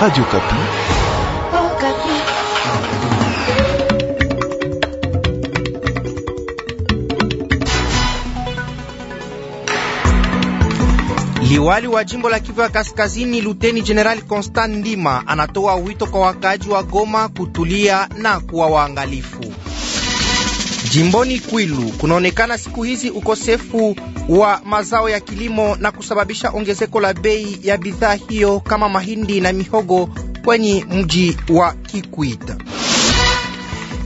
Radio Kapi. Oh, Kapi. Liwali wa jimbo la Kivu ya Kaskazini, Luteni Jenerali Constant Ndima anatoa wito kwa wakaaji wa Goma kutulia na kuwa waangalifu. Jimboni Kwilu kunaonekana siku hizi ukosefu wa mazao ya kilimo na kusababisha ongezeko la bei ya bidhaa hiyo kama mahindi na mihogo kwenye mji wa kikwita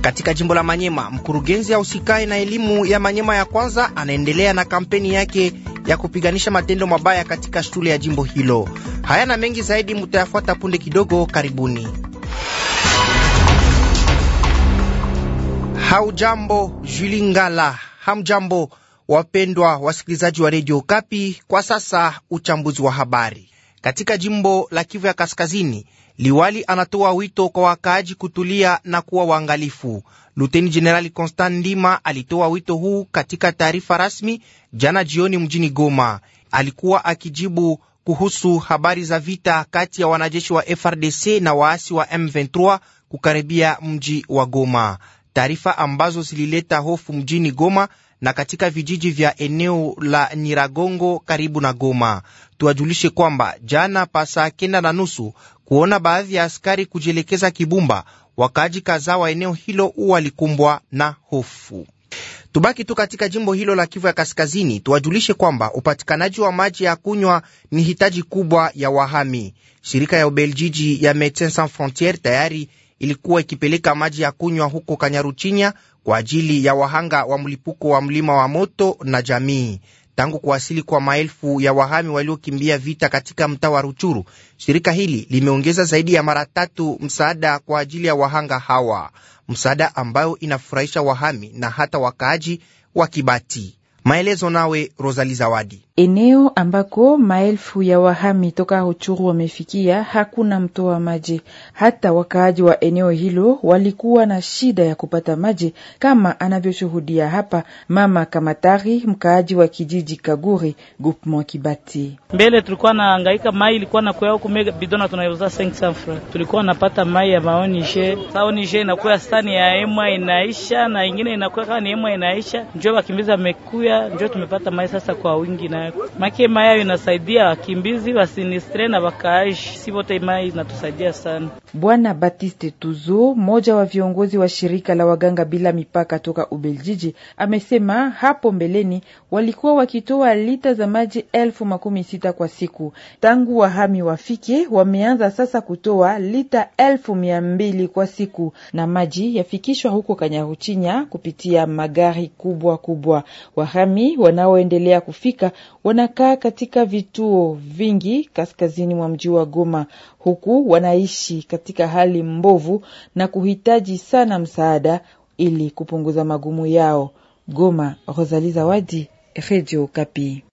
Katika jimbo la Manyema, mkurugenzi ya usikai na elimu ya Manyema ya kwanza anaendelea na kampeni yake ya kupiganisha matendo mabaya katika shule ya jimbo hilo. Hayana mengi zaidi, mutayafuata punde kidogo. Karibuni. Haujambo Julingala, hamjambo wapendwa wasikilizaji wa redio Kapi. Kwa sasa uchambuzi wa habari katika jimbo la Kivu ya Kaskazini. Liwali anatoa wito kwa wakaaji kutulia na kuwa waangalifu. Luteni Jenerali Constant Ndima alitoa wito huu katika taarifa rasmi jana jioni mjini Goma. Alikuwa akijibu kuhusu habari za vita kati ya wanajeshi wa FRDC na waasi wa M23 kukaribia mji wa Goma taarifa ambazo zilileta hofu mjini Goma na katika vijiji vya eneo la niragongo karibu na Goma. Tuwajulishe kwamba jana pasaa kenda na nusu, kuona baadhi ya askari kujielekeza Kibumba, wakaaji kadhaa wa eneo hilo walikumbwa na hofu. Tubaki tu katika jimbo hilo la Kivu ya Kaskazini, tuwajulishe kwamba upatikanaji wa maji ya kunywa ni hitaji kubwa ya wahami. Shirika ya Ubeljiji ya Medecins Sans Frontieres tayari ilikuwa ikipeleka maji ya kunywa huko Kanyaruchinya kwa ajili ya wahanga wa mlipuko wa mlima wa moto na jamii. Tangu kuwasili kwa maelfu ya wahami waliokimbia vita katika mtaa wa Ruchuru, shirika hili limeongeza zaidi ya mara tatu msaada kwa ajili ya wahanga hawa, msaada ambayo inafurahisha wahami na hata wakaaji wa Kibati. Maelezo nawe rosali Zawadi eneo ambako maelfu ya wahami toka Ruchuru wamefikia, hakuna mtoa wa maji. Hata wakaaji wa eneo hilo walikuwa na shida ya kupata maji, kama anavyoshuhudia hapa Mama Kamatari, mkaaji wa kijiji Kaguri, Gupmo Kibati. Mbele tulikuwa naangaika mai, ilikuwa na kwea huku bidona tunaiuza 500 francs, tulikuwa napata mai ya maonishe saonishe, inakuya stani ya emwa inaisha na ingine inakuwa kama ni emwa inaisha, njo wakimbiza amekuya, njo tumepata mai sasa kwa wingi na Make mayayo inasaidia wakimbizi wasinistre na wakaaji, sivote wote inatusaidia sana. Bwana Batiste Tuzo, mmoja wa viongozi wa shirika la waganga bila mipaka toka Ubeljiji, amesema hapo mbeleni walikuwa wakitoa lita za maji elfu makumi sita kwa siku. Tangu wahami wafike, wameanza sasa kutoa lita elfu mia mbili kwa siku, na maji yafikishwa huko Kanyaruchinya kupitia magari kubwa kubwa. Wahami wanaoendelea kufika wanakaa katika vituo vingi kaskazini mwa mji wa Goma, huku wanaishi katika hali mbovu na kuhitaji sana msaada ili kupunguza magumu yao. Goma, Rosali Zawadi, Redio Kapi.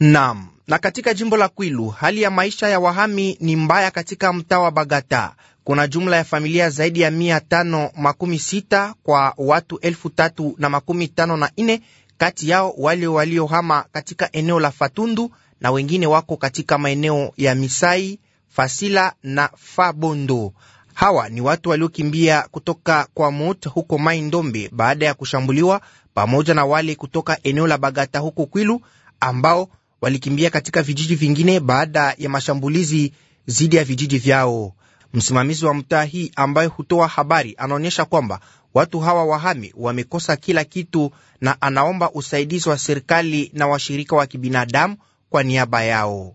Naam. Na katika jimbo la Kwilu hali ya maisha ya wahami ni mbaya. Katika mtaa wa Bagata kuna jumla ya familia zaidi ya mia tano makumi sita kwa watu elfu tatu na makumi tano na nne kati yao wale waliohama katika eneo la Fatundu na wengine wako katika maeneo ya Misai, Fasila na Fabondo. Hawa ni watu waliokimbia kutoka kwa Mot huko Mai Ndombe baada ya kushambuliwa, pamoja na wale kutoka eneo la Bagata huko Kwilu ambao walikimbia katika vijiji vingine baada ya mashambulizi dhidi ya vijiji vyao. Msimamizi wa mtaa hii ambaye hutoa habari anaonyesha kwamba watu hawa wahami wamekosa kila kitu, na anaomba usaidizi wa serikali na washirika wa kibinadamu kwa niaba yao.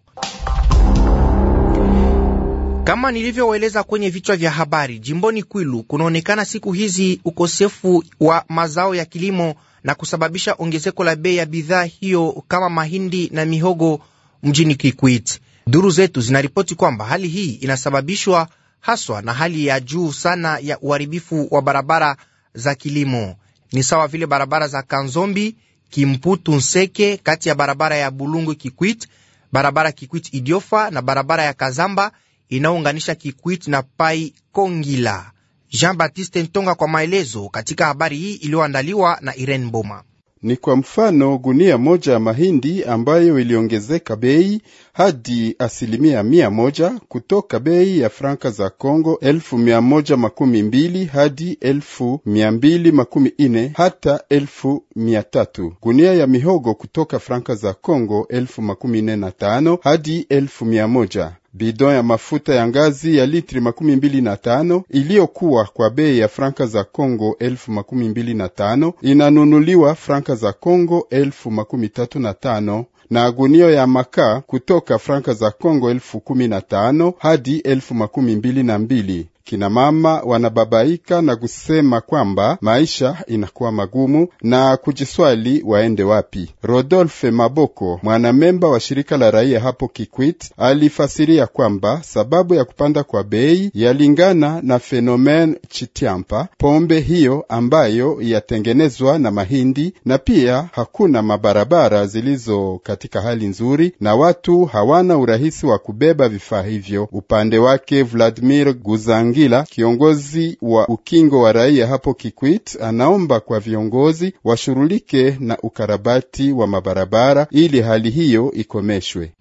Kama nilivyoeleza kwenye vichwa vya habari, jimboni Kwilu kunaonekana siku hizi ukosefu wa mazao ya kilimo na kusababisha ongezeko la bei ya bidhaa hiyo kama mahindi na mihogo mjini Kikwit. Duru zetu zinaripoti kwamba hali hii inasababishwa haswa na hali ya juu sana ya uharibifu wa barabara za kilimo. Ni sawa vile barabara za Kanzombi Kimputu Nseke, kati ya barabara ya Bulungu Kikwit, barabara Kikwit Idiofa na barabara ya Kazamba inayounganisha Kikwit na Pai Kongila. Jean Baptiste Ntonga kwa maelezo katika habari hii iliyoandaliwa na Irene Boma. Ni kwa mfano gunia moja ya mahindi ambayo iliongezeka bei hadi asilimia mia moja kutoka bei ya franka za Congo elfu mia moja makumi mbili hadi elfu mia mbili makumi ine hata elfu mia tatu. Gunia ya mihogo kutoka franka za Congo elfu makumi ine na tano hadi elfu mia moja bidon ya mafuta ya ngazi ya litri makumi mbili na tano iliyokuwa kwa bei ya franka za congo elfu makumi mbili na tano inanunuliwa franka za congo elfu makumi tatu na tano na agunio ya makaa kutoka franka za congo elfu kumi na tano hadi elfu makumi mbili na mbili kinamama wanababaika na kusema kwamba maisha inakuwa magumu na kujiswali waende wapi. Rodolphe Maboko, mwanamemba wa shirika la raia hapo Kikwit, alifasiria kwamba sababu ya kupanda kwa bei yalingana na fenomen chitiampa, pombe hiyo ambayo yatengenezwa na mahindi, na pia hakuna mabarabara zilizo katika hali nzuri na watu hawana urahisi wa kubeba vifaa hivyo. Upande wake Vladimir Guzang Mangila, kiongozi wa ukingo wa raia hapo Kikwit, anaomba kwa viongozi washughulike na ukarabati wa mabarabara ili hali hiyo ikomeshwe.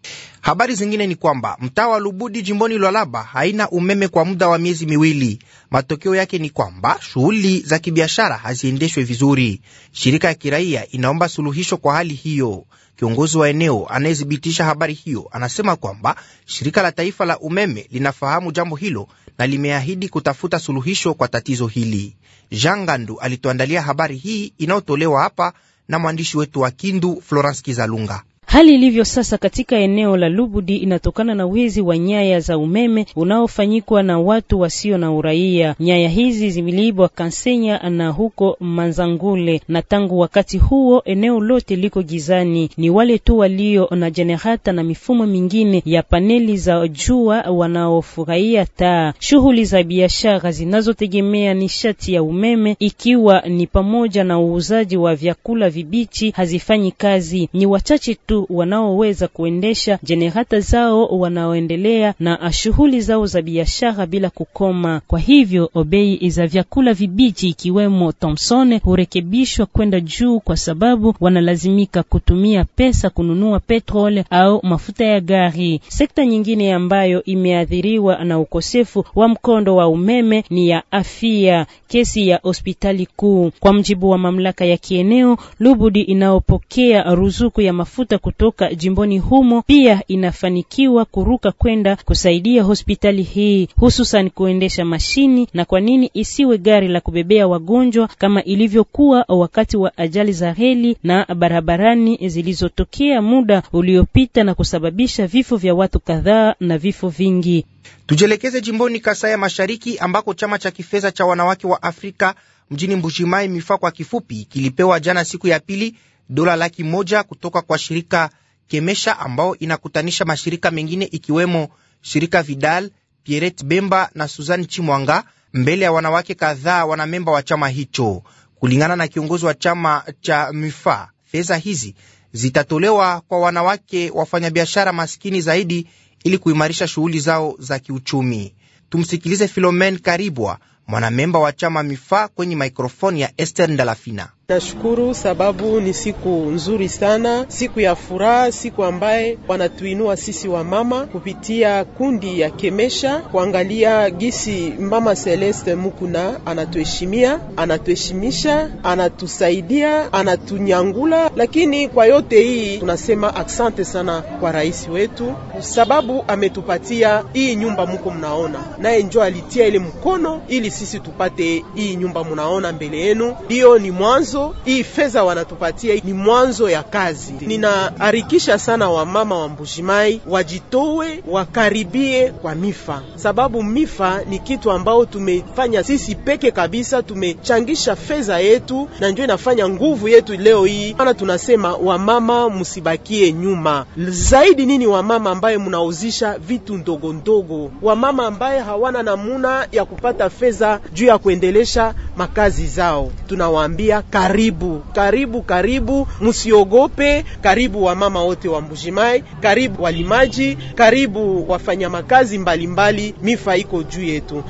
Habari zingine ni kwamba mtaa wa Lubudi jimboni Lwalaba haina umeme kwa muda wa miezi miwili. Matokeo yake ni kwamba shughuli za kibiashara haziendeshwe vizuri. Shirika ya kiraia inaomba suluhisho kwa hali hiyo. Kiongozi wa eneo anayethibitisha habari hiyo anasema kwamba shirika la taifa la umeme linafahamu jambo hilo na limeahidi kutafuta suluhisho kwa tatizo hili. Jean Gandu alituandalia habari hii inayotolewa hapa na mwandishi wetu wa Kindu, Florence Kizalunga. Hali ilivyo sasa katika eneo la Lubudi inatokana na wizi wa nyaya za umeme unaofanyikwa na watu wasio na uraia. Nyaya hizi zimeliibwa Kansenya na huko Manzangule, na tangu wakati huo eneo lote liko gizani. Ni wale tu walio na jenerata na mifumo mingine ya paneli za jua wanaofurahia taa. Shughuli za biashara zinazotegemea nishati ya umeme, ikiwa ni pamoja na uuzaji wa vyakula vibichi, hazifanyi kazi. Ni wachache tu wanaoweza kuendesha jenerata zao wanaoendelea na shughuli zao za biashara bila kukoma. Kwa hivyo obei za vyakula vibichi ikiwemo Thomson hurekebishwa kwenda juu, kwa sababu wanalazimika kutumia pesa kununua petrole au mafuta ya gari. Sekta nyingine ambayo imeathiriwa na ukosefu wa mkondo wa umeme ni ya afya. Kesi ya hospitali kuu, kwa mjibu wa mamlaka ya kieneo Lubudi, inayopokea ruzuku ya mafuta kutoka jimboni humo pia inafanikiwa kuruka kwenda kusaidia hospitali hii, hususan kuendesha mashini na kwa nini isiwe gari la kubebea wagonjwa kama ilivyokuwa wakati wa ajali za reli na barabarani zilizotokea muda uliopita na kusababisha vifo vya watu kadhaa na vifo vingi. Tujielekeze jimboni Kasai ya Mashariki ambako chama cha kifedha cha wanawake wa Afrika mjini mbujimai MIFA kwa kifupi, kilipewa jana siku ya pili dola laki moja kutoka kwa shirika Kemesha ambao inakutanisha mashirika mengine ikiwemo shirika Vidal, Pieret Bemba na Suzan Chimwanga mbele ya wanawake kadhaa wanamemba wa chama hicho. Kulingana na kiongozi wa chama cha MIFA, fedha hizi zitatolewa kwa wanawake wafanyabiashara maskini zaidi ili kuimarisha shughuli zao za kiuchumi. Tumsikilize Filomen Karibwa, mwanamemba wa chama MIFA kwenye maikrofoni ya Ester Ndalafina. Nashukuru sababu ni siku nzuri sana, siku ya furaha, siku ambaye wanatuinua sisi wa mama kupitia kundi ya Kemesha, kuangalia gisi mama Celeste Mukuna anatuheshimia, anatuheshimisha, anatusaidia, anatunyangula. Lakini kwa yote hii tunasema aksante sana kwa rais wetu, sababu ametupatia hii nyumba muko mnaona, naye njo alitia ile mkono ili sisi tupate hii nyumba munaona mbele yenu, hiyo ni mwanzo mwanzo, hii fedha wanatupatia ni mwanzo ya kazi. Ninaharikisha sana wamama wa Mbujimai wajitowe, wakaribie kwa mifa, sababu mifa ni kitu ambao tumefanya sisi peke kabisa, tumechangisha fedha yetu na ndio inafanya nguvu yetu leo hii. Maana tunasema wamama musibakie nyuma zaidi. Nini wamama ambaye munauzisha vitu ndogo ndogo, wamama ambaye hawana namuna ya kupata fedha juu ya kuendelesha makazi zao, tunawaambia karibu karibu karibu, msiogope. Karibu wamama wote wa Mbujimai, karibu walimaji, karibu makazi mbalimbali, mifa iko juu yetu.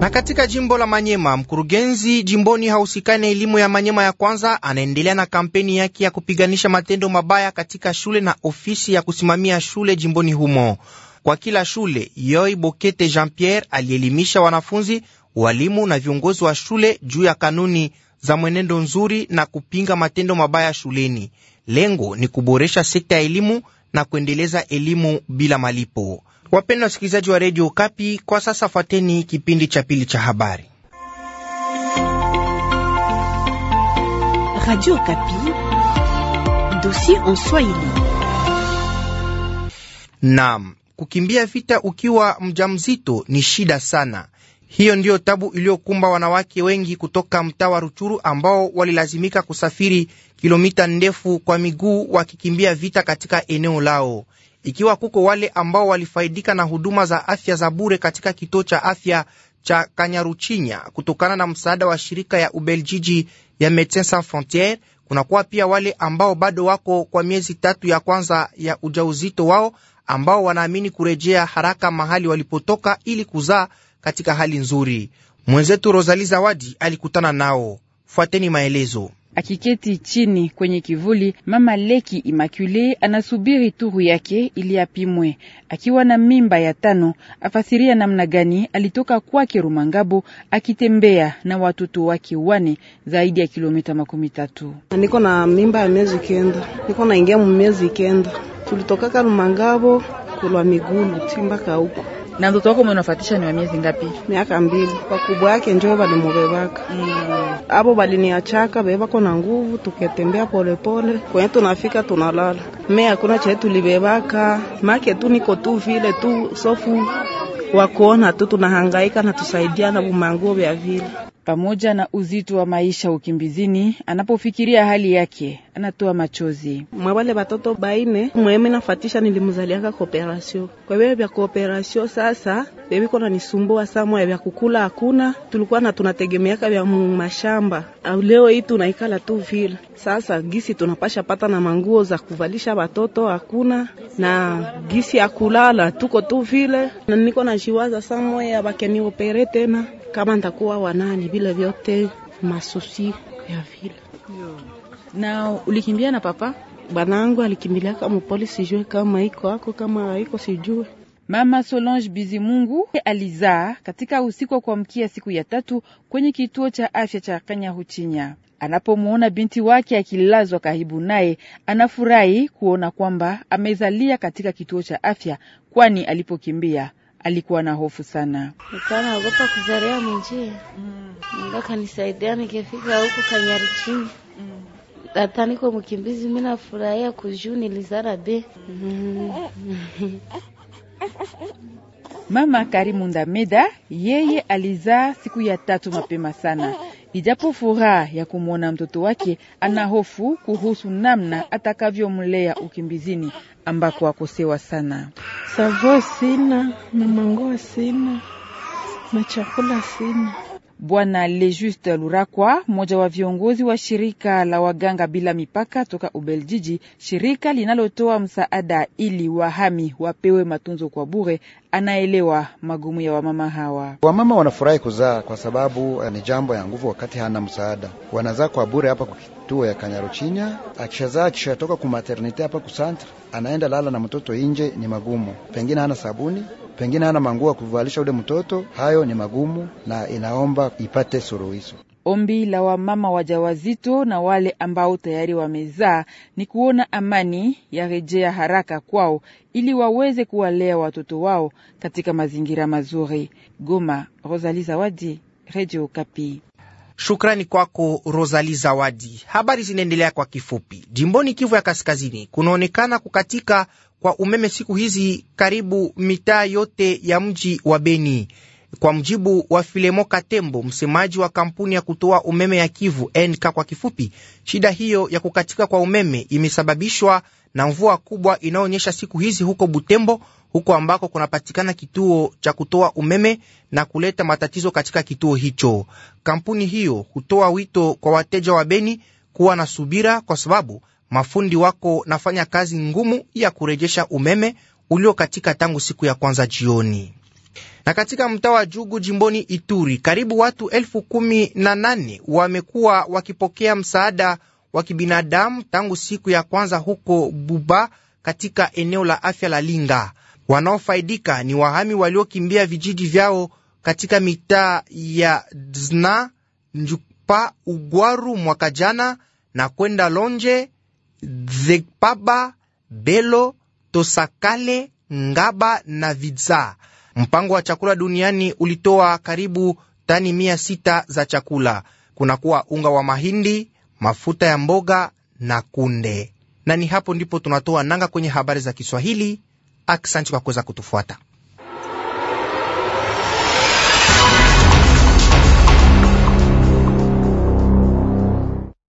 Na katika jimbo la Manyema, mkurugenzi jimboni hausikani elimu ya Manyema ya kwanza anaendelea na kampeni yake ya kupiganisha matendo mabaya katika shule na ofisi ya kusimamia shule jimboni humo. Kwa kila shule, Yoi Bokete Jean Pierre alielimisha wanafunzi walimu na viongozi wa shule juu ya kanuni za mwenendo nzuri na kupinga matendo mabaya shuleni. Lengo ni kuboresha sekta ya elimu na kuendeleza elimu bila malipo. wapenda wasikilizaji wa redio Kapi, kwa sasa fuateni kipindi cha pili cha habari. Radio Kapi, en Swahili. Naam, kukimbia vita ukiwa mjamzito ni shida sana hiyo ndiyo tabu iliyokumba wanawake wengi kutoka mtaa wa Ruchuru ambao walilazimika kusafiri kilomita ndefu kwa miguu wakikimbia vita katika eneo lao. Ikiwa kuko wale ambao walifaidika na huduma za afya za bure katika kituo cha afya cha Kanyaruchinya kutokana na msaada wa shirika ya Ubeljiji ya Medecins Sans Frontieres, kunakuwa pia wale ambao bado wako kwa miezi tatu ya kwanza ya ujauzito wao ambao wanaamini kurejea haraka mahali walipotoka ili kuzaa katika hali nzuri. Mwenzetu Rosali Zawadi alikutana nao. Fuateni maelezo. Akiketi chini kwenye kivuli, mama Leki Imakule anasubiri turu yake ili apimwe. Akiwa na mimba ya tano, afasiria namna gani alitoka kwake Rumangabo akitembea na watoto wake wane zaidi ya kilomita makumi tatu. Niko na mimba ya miezi kenda, niko naingia mu miezi kenda. Tulitokaka Rumangabo kulwa migulu timbaka huko na mtoto wako mnafuatisha ni wa miezi ngapi? Miaka mbili. Wakubwa yake njoo balimubebaka abo mm. baliniachaka bebako na nguvu, tuketembea polepole kwenye tunafika tunalala. Me hakuna chee tulibebaka make tu niko tu vile tu sofu wakuona tu tunahangaika na tusaidiana bumanguo vya vile pamoja na uzito wa maisha ukimbizini. Anapofikiria hali yake anatoa machozi. mwawale watoto baine mweme nafatisha nilimzaliaka kooperasio, kwa hiyo vya kooperasio sasa veviko nanisumbua samwa vya kukula hakuna, tulikuwa na tunategemeaka vya mashamba. Leo hii tunaikala tu vile sasa, gisi tunapasha pata na manguo za kuvalisha watoto hakuna, na gisi ya kulala tuko tu vile, na niko najiwaza samwaya wakeni opere tena kama nitakuwa wanani bila vyote masusi ya vile. Na ulikimbia na papa? Banangu alikimbilia kama polisi, sijue kama iko ako kama iko sijue. Mama Solange Bizimungu alizaa katika usiku wa kuamkia siku ya tatu kwenye kituo cha afya cha huchinya Anapomwona binti wake akilazwa karibu naye, anafurahi kuona kwamba amezalia katika kituo cha afya, kwani alipokimbia alikuwa na hofu sana. Nikawa naogopa kuzaria mwenjia, Mungu kanisaidia nikifika huku Kanyari chini hata niko mkimbizi, mi nafurahia kujuu nilizara be Mama Karimu Ndameda yeye alizaa siku ya tatu mapema sana Ijapo furaha ya kumwona mtoto wake, ana hofu kuhusu namna atakavyomlea ukimbizini ambako akosewa sana. Savo sina na mangoa sina na chakula sina. Bwana Lejuste Lurakwa, mmoja wa viongozi wa shirika la waganga bila mipaka toka Ubeljiji, shirika linalotoa msaada ili wahami wapewe matunzo kwa bure, anaelewa magumu ya wamama hawa. Wamama wanafurahi kuzaa kwa sababu eh, ni jambo ya nguvu, wakati hana msaada, wanazaa kwa bure hapa kwa kituo ya Kanyaruchinya. Akishazaa akishatoka kumaternite hapa kusantra, anaenda lala na mtoto inje, ni magumu, pengine hana sabuni pengine hana manguo ya kuvalisha ule mtoto. Hayo ni magumu na inaomba ipate suluhisho. Ombi la wamama wajawazito na wale ambao tayari wamezaa ni kuona amani ya rejea haraka kwao ili waweze kuwalea watoto wao katika mazingira mazuri. Goma, Rosali Zawadi, Redio Kapi. Shukrani kwako Rosali Zawadi. Habari zinaendelea kwa kifupi. Jimboni Kivu ya Kaskazini kunaonekana kukatika kwa umeme siku hizi karibu mitaa yote ya mji wa Beni. Kwa mjibu wa Filemo Katembo, msemaji wa kampuni ya kutoa umeme ya Kivu nk kwa kifupi, shida hiyo ya kukatika kwa umeme imesababishwa na mvua kubwa inayoonyesha siku hizi huko Butembo, huko ambako kunapatikana kituo cha kutoa umeme na kuleta matatizo katika kituo hicho. Kampuni hiyo hutoa wito kwa wateja wa Beni kuwa na subira, kwa sababu mafundi wako nafanya kazi ngumu ya kurejesha umeme uliokatika tangu siku ya kwanza jioni na katika mtaa wa Jugu jimboni Ituri karibu watu elfu kumi na nane wamekuwa wakipokea msaada wa kibinadamu tangu siku ya kwanza huko Buba katika eneo la afya la Linga. Wanaofaidika ni wahami waliokimbia vijiji vyao katika mitaa ya Dzna, Njupa, Ugwaru mwaka jana na kwenda Lonje, Dhepaba, Belo, Tosakale, Ngaba na Vidza. Mpango wa chakula duniani ulitoa karibu tani mia sita za chakula, kunakuwa unga wa mahindi, mafuta ya mboga na kunde. Na ni hapo ndipo tunatoa nanga kwenye habari za Kiswahili. Aksanti kwa kuweza kutufuata.